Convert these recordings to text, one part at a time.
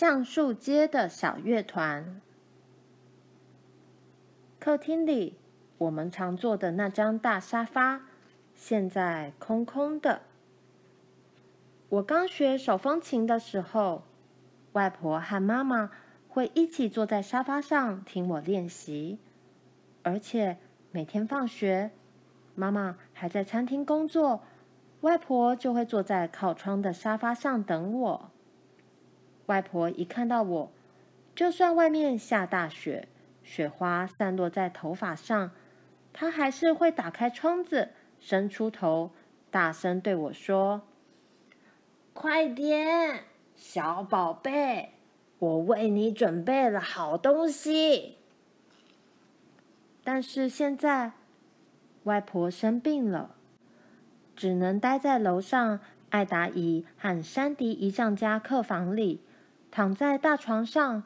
橡樹街的小樂團。客廳裡，我們常坐的那張大沙發，現在空空的。我剛學手風琴的時候，外婆和媽媽會一起坐在沙發上聽我練習，而且每天放學，媽媽還在餐廳工作，外婆就會坐在靠窗的沙發上等我。外婆一看到我，就算外面下大雪，雪花散落在頭髮上，她還是會打開窗子，伸出頭，大聲對我說：“快點，小寶貝，我為你準備了好東西。”但是現在，外婆生病了，只能待在樓上，艾達姨和山迪姨丈家客房裡。躺在大床上，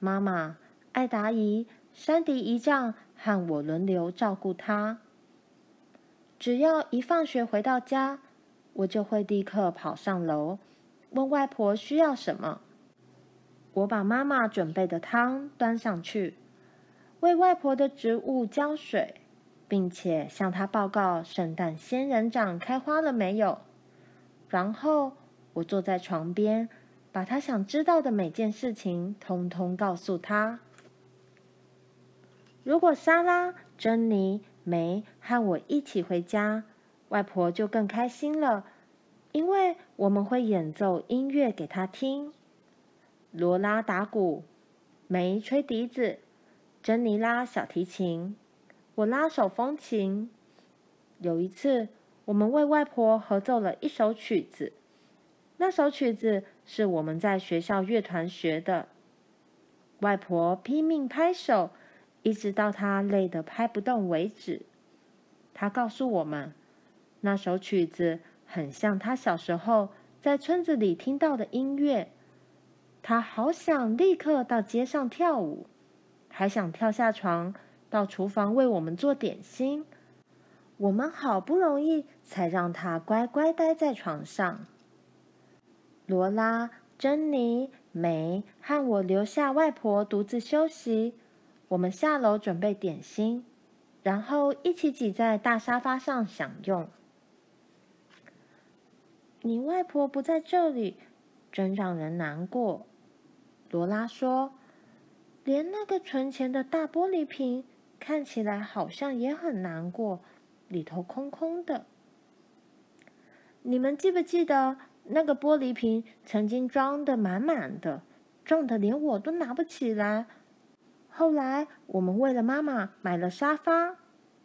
媽媽、艾達姨、珊迪姨丈和我輪流照顧她。只要一放學回到家，我就會立刻跑上樓，問外婆需要什麼。我把媽媽準備的湯端上去，為外婆的植物澆水，並且向她報告聖誕仙人掌開花了沒有。然後我坐在床邊。把他想知道的每件事情通通告訴他。如果莎拉、珍妮、梅和我一起回家，外婆就更開心了，因為我們會演奏音樂給她聽。羅拉打鼓，梅吹笛子，珍妮拉小提琴，我拉手風琴。有一次，我們為外婆合奏了一首曲子，那首曲子，是我們在學校樂團學的。外婆拼命拍手，一直到她累得拍不動為止。她告訴我們，那首曲子很像她小時候在村子裡聽到的音樂。她好想立刻到街上跳舞，還想跳下床到廚房為我們做點心。我們好不容易才讓她乖乖待在床上。羅拉、珍妮、梅和我留下，外婆獨自休息。我們下樓準備點心，然後一起擠在大沙發上享用。你外婆不在這裡，真讓人難過。羅拉說：“連那個存錢的大玻璃瓶看起來好像也很難過，裡頭空空的。”你們記不記得？那個玻璃瓶曾經裝得滿滿的，重的連我都拿不起來。後來我們為了媽媽買了沙發。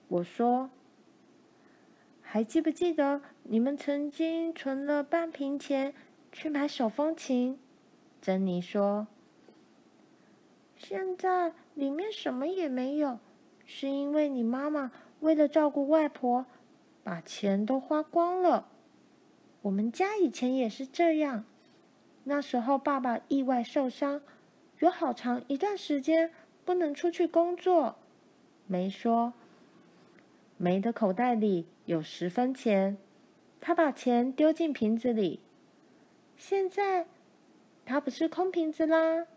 我說：“還記不記得你們曾經存了半瓶錢去買手風琴？”珍妮說：“現在裡面什麼也沒有，是因為你媽媽為了照顧外婆，把錢都花光了。”我們家以前也是這樣，那時候爸爸意外受傷，有好長一段時間不能出去工作。梅說。梅的口袋裡有十分錢，他把錢丟進瓶子裡。現在，它不是空瓶子啦。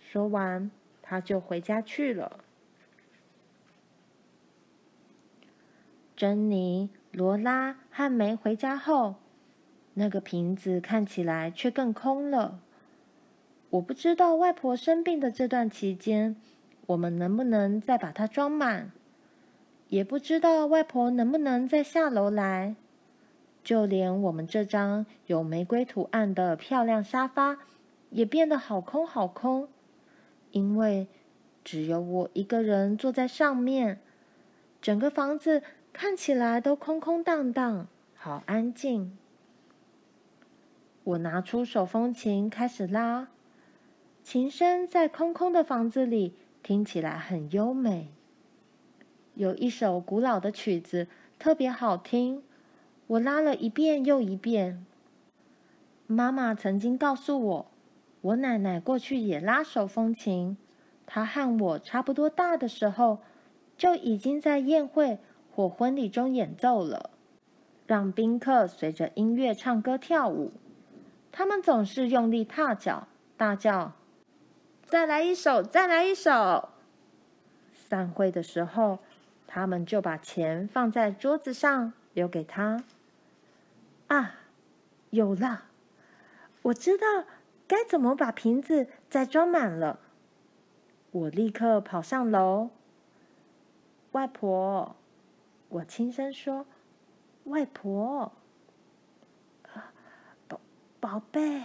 說完，他就回家去了。珍妮、羅拉和梅回家後。那個瓶子看起來卻更空了。我不知道外婆生病的這段期間，我們能不能再把它裝滿？也不知道外婆能不能再下樓來。就連我們這張有玫瑰圖案的漂亮沙發，也變得好空好空，因為只有我一個人坐在上面。整個房子看起來都空空蕩蕩，好安靜。我拿出手風琴，開始拉。琴聲在空空的房子裡聽起來很優美。有一首古老的曲子特別好聽，我拉了一遍又一遍。媽媽曾經告訴我，我奶奶過去也拉手風琴。她和我差不多大的時候，就已經在宴會或婚禮中演奏了，讓賓客隨着音樂唱歌跳舞。他們總是用力踏腳，大叫：“再來一首，再來一首！”散會的時候，他們就把錢放在桌子上留給他。啊，有了！我知道該怎麼把瓶子再裝滿了。我立刻跑上樓。外婆，我輕聲說：“外婆。”寶貝，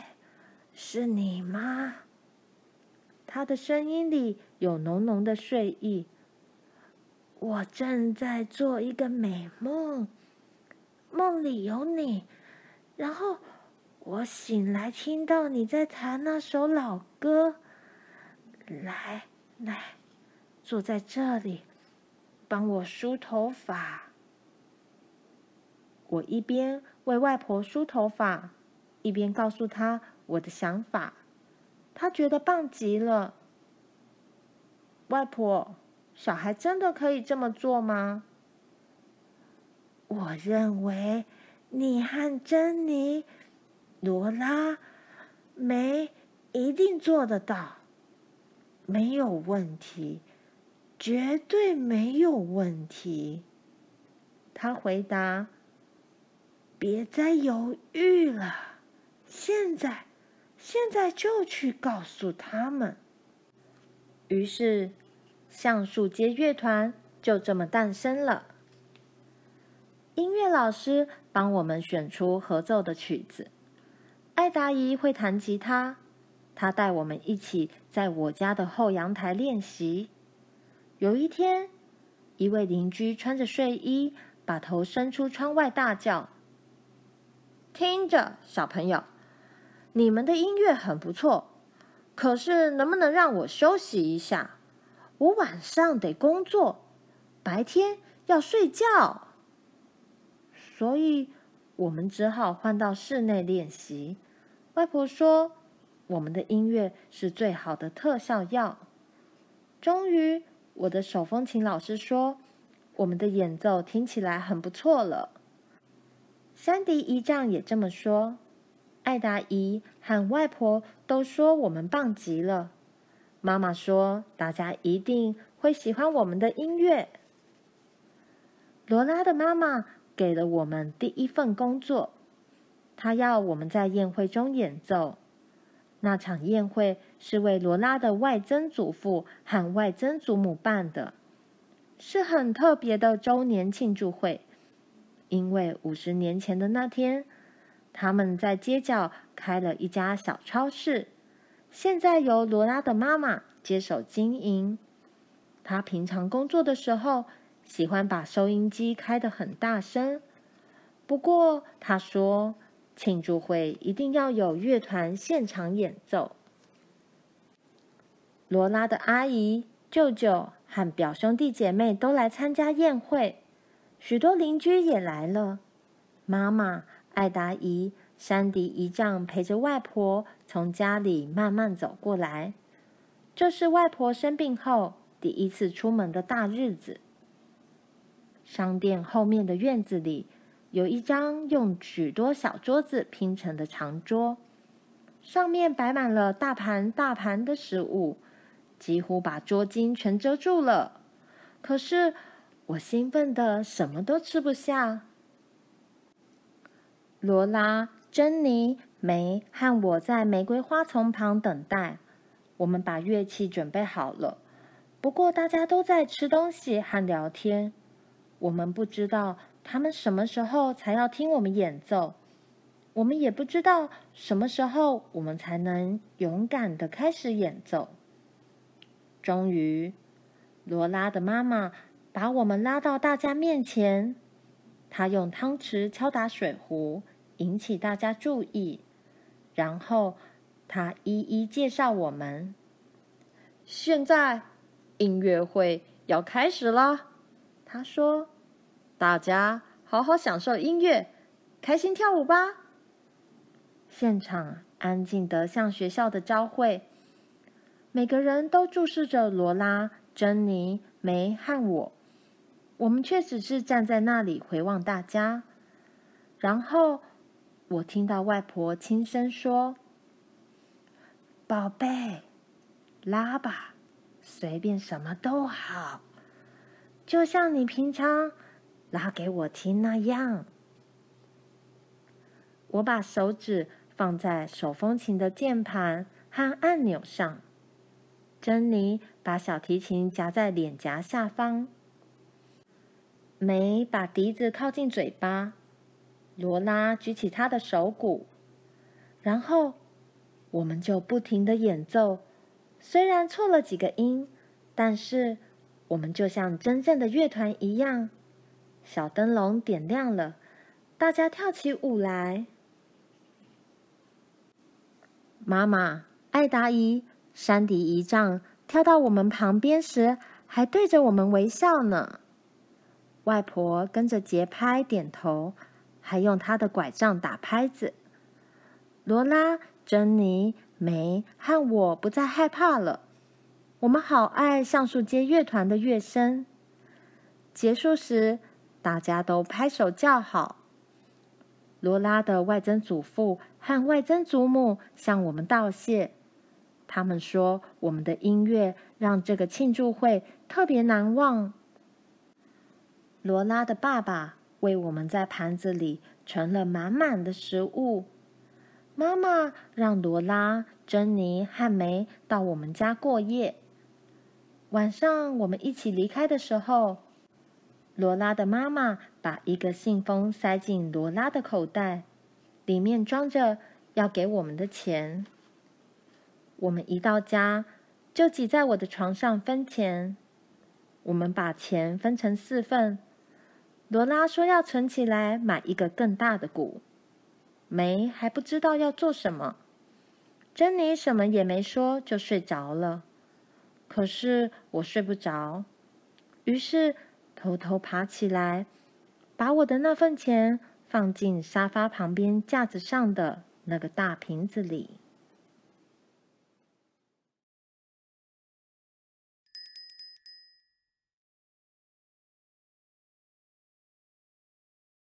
是你嗎？他的聲音裡有濃濃的睡意。我正在做一個美夢，夢裡有你。然後我醒來聽到你在彈那首老歌。來，來，坐在這裡，幫我梳頭髮。我一邊為外婆梳頭髮。一邊告訴他我的想法，他覺得棒極了。外婆，小孩真的可以這麼做嗎？我認為你和珍妮、羅拉、梅一定做得到，沒有問題，絕對沒有問題。他回答：“別再猶豫了。”現在，現在就去告訴他們。於是，橡樹街樂團就這麼誕生了。音樂老師幫我們選出合奏的曲子。艾達姨會彈吉他，她帶我們一起在我家的後陽台練習。有一天，一位鄰居穿着睡衣，把頭伸出窗外大叫：“聽着，小朋友！”你們的音樂很不錯，可是能不能讓我休息一下？我晚上得工作，白天要睡覺，所以我們只好換到室內練習。外婆說：“我們的音樂是最好的特效藥。”終於，我的手風琴老師說：“我們的演奏聽起來很不錯了。”珊迪姨丈也這麼說。艾達姨和外婆都說我們棒極了。媽媽說大家一定會喜歡我們的音樂。羅拉的媽媽給了我們第一份工作，她要我們在宴會中演奏。那場宴會是為羅拉的外曾祖父和外曾祖母辦的，是很特別的周年慶祝會，因為五十年前的那天。他們在街角開了一家小超市，現在由羅拉的媽媽接手經營。她平常工作的時候，喜歡把收音機開得很大聲。不過她說，慶祝會一定要有樂團現場演奏。羅拉的阿姨、舅舅和表兄弟姐妹都來參加宴會，許多鄰居也來了。媽媽。艾達姨、山迪姨丈陪着外婆從家裡慢慢走過來。這是外婆生病後第一次出門的大日子。商店後面的院子裡有一張用許多小桌子拼成的長桌，上面擺滿了大盤大盤的食物，幾乎把桌巾全遮住了。可是我興奮得什麼都吃不下。羅拉、珍妮、梅和我在玫瑰花叢旁等待。我們把樂器準備好了，不過大家都在吃東西和聊天。我們不知道他們什麼時候才要聽我們演奏，我們也不知道什麼時候我們才能勇敢的開始演奏。終於，羅拉的媽媽把我們拉到大家面前。她用湯匙敲打水壺。引起大家注意，然後他一一介紹我們。現在音樂會要開始了，他說：“大家好好享受音樂，開心跳舞吧。”現場安靜得像學校的朝會，每個人都注視着羅拉、珍妮、梅和我，我們卻只是站在那裡回望大家，然後。我聽到外婆輕聲說：“寶貝，拉吧，隨便什麼都好，就像你平常拉給我聽那樣。”我把手指放在手風琴的鍵盤和按鈕上，珍妮把小提琴夾在臉頰下方，梅把笛子靠近嘴巴。羅拉舉起她的手鼓，然後我們就不停的演奏，雖然錯了幾個音，但是我們就像真正的樂團一樣。小燈籠點亮了，大家跳起舞來。媽媽、艾達姨、山迪姨丈跳到我們旁邊時，還對着我們微笑呢。外婆跟着節拍點頭。還用他的拐杖，打拍子。羅拉、珍妮、梅和我不再害怕了。我們好愛橡樹街樂團的樂聲。結束時，大家都拍手叫好。羅拉的外曾祖父和外曾祖母向我們道謝。他們說，我們的音樂讓這個慶祝會特別難忘。羅拉的爸爸，為我們在盤子裡盛了滿滿的食物。媽媽讓羅拉、珍妮和梅到我們家過夜。晚上我們一起離開的時候，羅拉的媽媽把一個信封塞進羅拉的口袋，裡面裝着要給我們的錢。我們一到家就擠在我的床上分錢。我們把錢分成四份。羅拉說要存起來買一個更大的鼓，梅還不知道要做什麼。珍妮什麼也沒說就睡着了，可是我睡不着，於是偷偷爬起來，把我的那份錢放進沙發旁邊架子上的那個大瓶子裡。